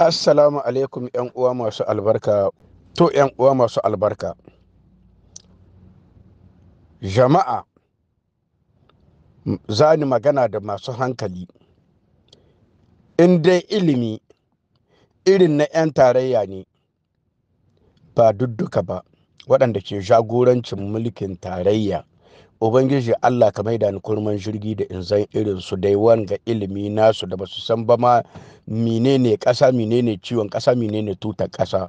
assalamu alaikum yan uwa masu albarka to yan uwa masu albarka jama'a za ni magana da masu hankali in dai ilimi irin na 'yan tarayya ne ba dudduka ba waɗanda ke jagorancin mulkin tarayya ubangiji allah ka maida ni kurman jirgi da in zan irin su dai wanga ilimi nasu da basu san ba ma menene kasa menene ciwon kasa menene tuta kasa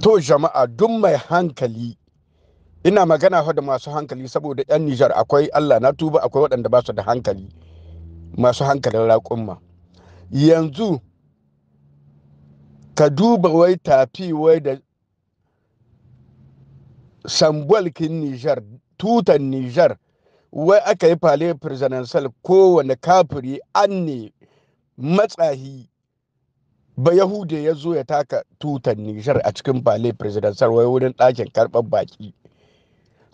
to jama'a duk mai hankali ina magana fa da masu hankali saboda yan nijar akwai allah na tuba akwai waɗanda ba su da hankali masu hankalin raƙumma yanzu ka duba wai tafi wai da sambuwalkin nijar tutan Nijar wai aka yi fale presidential kowane kafiri an ne matsahi ba Yahude ya zo ya taka tutan Nijar a cikin fale presidential wai wurin ɗakin karɓar baki.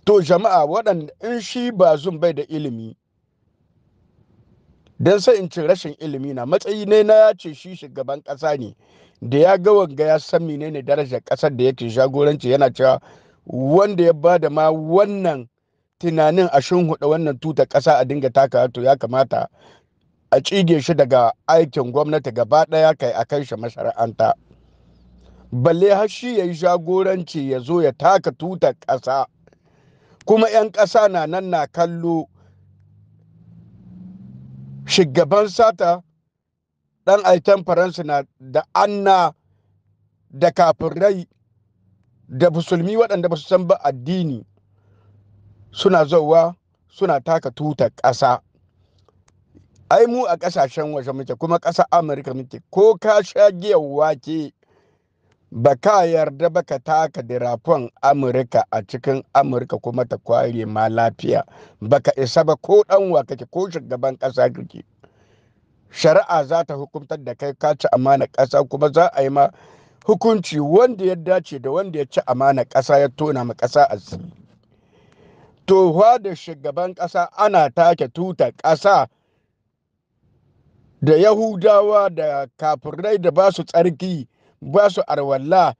To jama'a waɗanda in shi ba zun bai da ilimi don sai in ci rashin ilimi na matsayi ne na ya ce shi shugaban ƙasa ne da ya ga wanga ya san menene darajar ƙasar da yake jagoranci yana cewa wanda ya ba da ma wannan tunanin a shunhuɗa wannan tuta ƙasa a dinga taka to ya kamata a cige shi daga aikin gwamnati gaba ɗaya kai a kai shi mashara'anta balle har shi ya yi jagoranci ya zo ya taka tuta ƙasa kuma 'yan ƙasa na nan na kallo shugaban sata ɗan aitan faransa na da anna da kafirai da musulmi waɗanda ba su san ba addini suna zauwa suna taka tutar ƙasa ai mu a ƙasashen waje muke kuma ƙasa amurka muke ko ka sha giyar wake ba ka yarda ba ka taka dirafon amurka a cikin amurka kuma ta kware ma lafiya ba ka isa ba ko ɗanwa kake ko shugaban ƙasa kake shari'a za ta hukuntar da kai ka ci amana ƙasa kuma za a yi ma hukunci wanda ya dace da wanda ya ci amana ƙasa ya tona ma ƙasa a asiri tohuwa da shugaban ƙasa ana take tuta ƙasa da yahudawa da kafirai da ba su tsarki ba su arwalla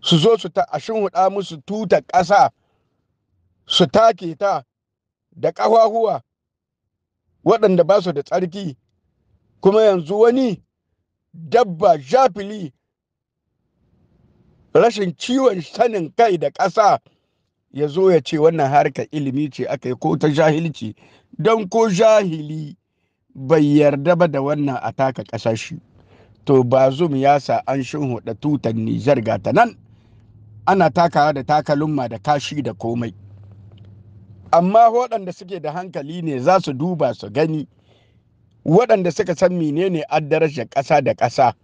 su zo su ashin huda musu tuta ƙasa su take ta da ƙahuwa waɗanda ba su da tsarki kuma yanzu wani dabba jafili rashin ciwon sanin kai da ƙasa ya zo ya ce wannan harka ilimi ce aka yi ko ta jahilci don ko jahili bai yarda ba da wannan a taka ƙasashe. To ba bazum ya sa an shinhuɗa tutan nijar gata nan ana takawa da takalumma da kashi da komai amma waɗanda suke da hankali ne za su duba su gani waɗanda suka san menene addarajar ƙasa da ƙasa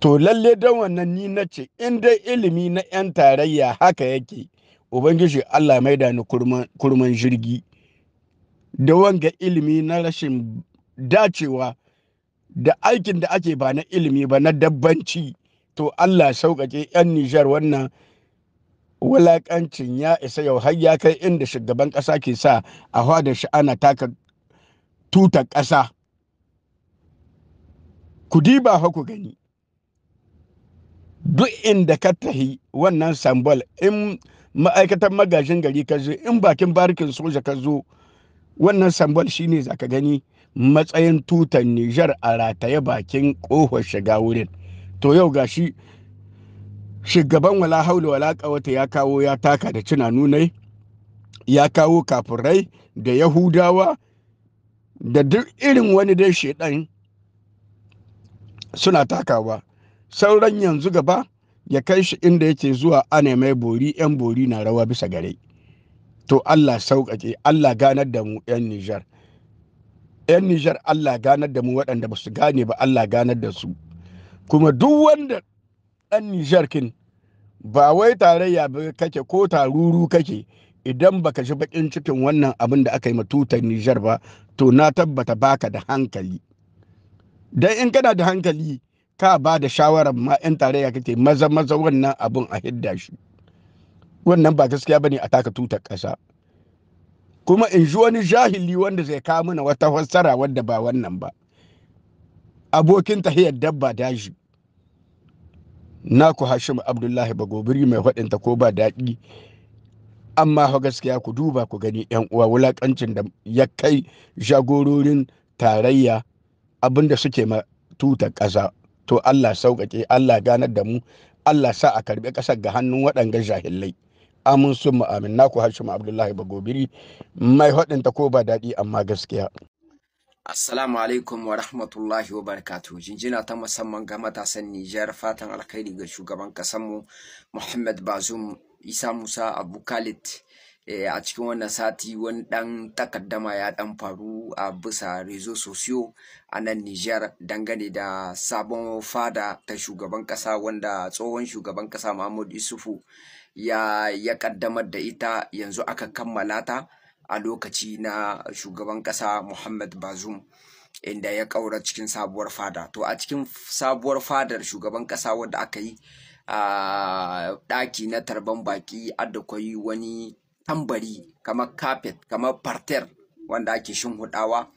to lalle don wannan ni na ce in dai ilimi na 'yan tarayya haka yake ubangiji allah mai da ni kurman jirgi da wanga ilimi na rashin dacewa da aikin da ake ba na ilimi ba na dabbanci to allah sauƙaƙe 'yan nijar wannan wulaƙancin ya isa yau har ya kai inda shugaban ƙasa ke sa a hada shi ana taka tutar ƙasa ku diba ku gani duk inda ka tahi wannan sambal in ma'aikatan magajin gari ka zo in bakin barikin soja ka zo wannan sambal shine ka gani matsayin tutar Nijar a rataye bakin kohon shiga wurin to yau gashi shugaban wala haula wala kawata ya kawo ya taka da cina nunai ya kawo kafurai da yahudawa da duk irin wani dai shedan suna takawa sauran yanzu gaba ya kai shi inda yake zuwa ana mai bori 'yan bori na rawa bisa gare to allah sauƙaƙe allah ganar da mu 'yan nijar 'yan nijar allah ganar da mu waɗanda ba su gane ba allah ganar da su kuma duk wanda ɗan nijar kin ba wai tarayya ba kake ko taruru kake idan baka shi bakin cikin wannan abin da aka yi tutar nijar ba to na tabbata baka da hankali dan in kana da hankali ka ba da shawarar ma 'yan tarayya kake maza maza wannan abun a hidda shi wannan ba gaskiya bane a taka tutar ƙasa kuma in ji wani jahili wanda zai kawo mana wata fassara wadda ba wannan ba abokin tahiyar dabba daji naku hashim abdullahi ba bagobiri mai faɗinta ko ba daɗi amma fa gaskiya ku duba ku gani yan uwa wulakancin da ya kai jagororin tarayya abinda suke ma tutar ƙasa to Allah sauƙaƙe Allah ganar da mu Allah sa a karɓi ƙasar ga hannun waɗanga jahilai amin sun amin naku hashim abdullahi bagobiri mai haɗinta ko ba daɗi amma gaskiya Assalamu alaikum wa rahmatullahi wa barakatu. Jinjina ta musamman ga matasan Nijar fatan alkhairi ga shugaban kasanmu Muhammad Bazum Isa Musa Abu Khalid Eh, a cikin wannan sati wani ɗan takaddama ya dan faru a bisa rezo sosiyo a nan Nijar dangane da sabon fada ta shugaban kasa wanda tsohon shugaban kasa Muhammadu Isufu ya ya ƙaddamar da ita yanzu aka kammala ta a lokaci na shugaban ƙasa Muhammad Bazoum. inda ya ƙaura cikin sabuwar fada to a cikin sabuwar fadar shugaban kasa wanda aka yi a ah, daki na tarban baki adda kwai wani tambari kamar carpet kamar parter wanda ake shinhudawa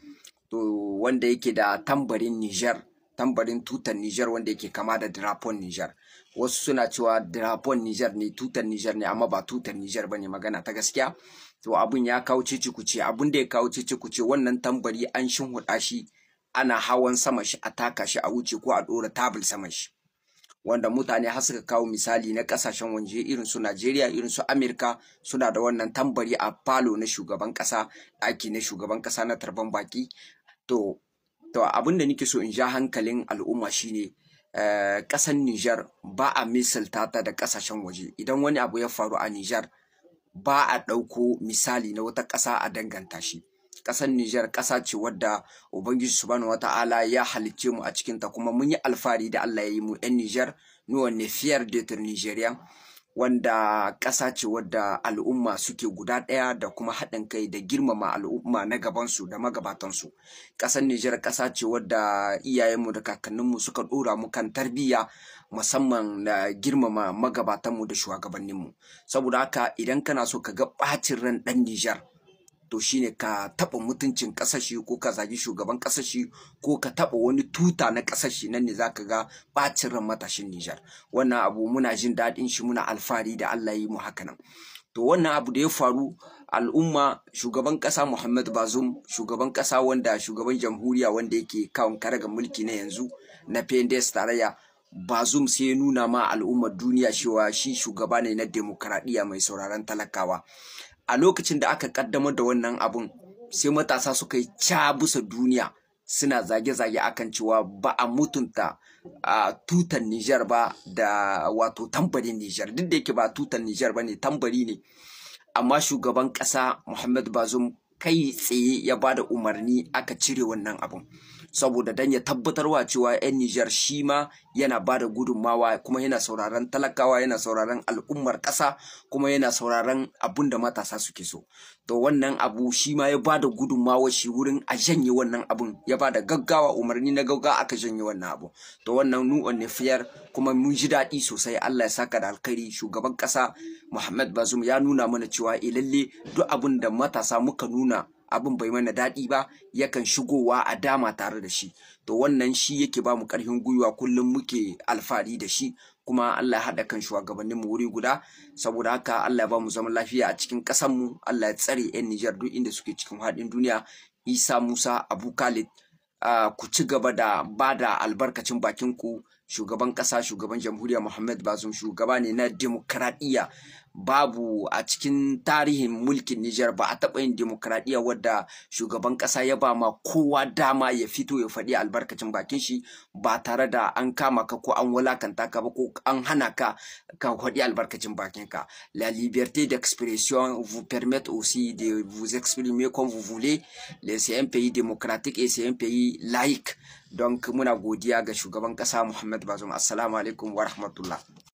to wanda yake da tambarin Niger tambarin tutar Niger wanda yake kama da drapon Niger wasu suna cewa drapon Niger ne tutar Niger ne amma ba tutar Niger bane magana ta gaskiya to abun ya kawo cicikuce abun da ya kawo cicikuce wannan tambari an shinhuda shi ana hawan sama shi a taka shi a wuce ko a dora tabul sama shi wanda mutane har suka kawo misali na kasashen waje irin su Najeriya irin su Amerika suna da wannan tambari a falo na shugaban kasa ɗaki na shugaban kasa na tarban baki to to abin da nake so in ja hankalin al'umma shine kasan eh, Niger ba a misalta ta da kasashen waje idan wani abu ya faru a Niger ba a ɗauko misali na wata ƙasa a danganta shi ƙasar Nijar ƙasa ce wadda Ubangiji Subhanahu wa ta'ala ya halicce mu a cikin ta kuma mun yi alfahari da Allah ya yi mu ɗan Nijar nuwa ne fiyar detur Nijeriya wanda ƙasa ce wadda al'umma suke guda ɗaya da kuma haɗin kai da girmama al'umma na gabansu da su. ƙasar Nijar ƙasa ce wadda iyayenmu da kakanninmu suka ɗora mu kan tarbiyya musamman da girmama magabatanmu da shugabanninmu saboda haka idan kana so ka ga ɓacin ran ɗan Nijar to shine ka taɓa mutuncin ƙasashe ko ka zagi shugaban ƙasashe ko ka taɓa wani tuta na ƙasashe nan ne zaka ga ɓacin ran matashin Nijar wannan abu muna jin daɗin shi muna alfahari da Allah yi mu haka nan to wannan abu da ya faru al'umma shugaban ƙasa Muhammad Bazoum shugaban ƙasa wanda shugaban jamhuriya wanda yake kan karaga mulki na yanzu na PNDS tarayya Bazum sai ya nuna ma al'ummar duniya cewa shi shugaba ne na demokradiya mai sauraron talakawa. a lokacin da aka kaddamar da wannan abun sai matasa suka yi cabusa duniya suna zage-zage akan cewa ba a mutunta a tutan Nijar ba da wato tambarin Nijar duk da yake ba tutan Nijar ba ne tambari ne amma shugaban ƙasa Muhammad Bazum, kai tsaye ya ba da umarni aka cire wannan abun. saboda dan ya tabbatarwa cewa 'yan Nijar shi ma yana ba da gudunmawa kuma yana sauraron talakawa yana sauraron al'ummar ƙasa kuma yana sauraron abun da matasa suke so to wannan abu shi ma ya ba da gudunmawa shi wurin a janye wannan abun ya ba da gaggawa umarni na gaggawa aka janye wannan abu to wannan nu'on ne fiyar kuma mun ji daɗi sosai Allah ya saka da alkhairi shugaban ƙasa Muhammad Bazum ya nuna mana cewa ilalle eh, duk abun da matasa muka nuna abin bai mana daɗi ba yakan shigowa a dama tare da shi to wannan shi yake ba mu ƙarfin gwiwa kullum muke alfahari da shi kuma Allah ya haɗa kan shugabannin mu wuri guda saboda haka Allah ya ba mu zaman lafiya a cikin ƙasar mu Allah ya tsare 'yan Nijar duk inda suke cikin haɗin duniya Isa Musa Abu Khalid Uh, ku ci gaba da bada albarkacin albarkacin ku shugaban ƙasa shugaban jamhuriya muhammad bazum shugaba ne na demokradiyya babu a cikin tarihin mulkin Nijar ba a taɓa yin demokradiyya wadda shugaban ƙasa ya ba ma kowa dama ya fito ya faɗi albarkacin bakin shi ba tare da an kama ka ko an walakanta ka ba ko an hana ka ka faɗi albarkacin bakin ka. La liberté d'expression vous permet aussi de vous exprimer comme vous voulez. C'est un pays démocratique et c'est un pays laïque. Donc muna godiya ga shugaban ƙasa Muhammad Bazoum. Assalamu alaikum wa rahmatullah.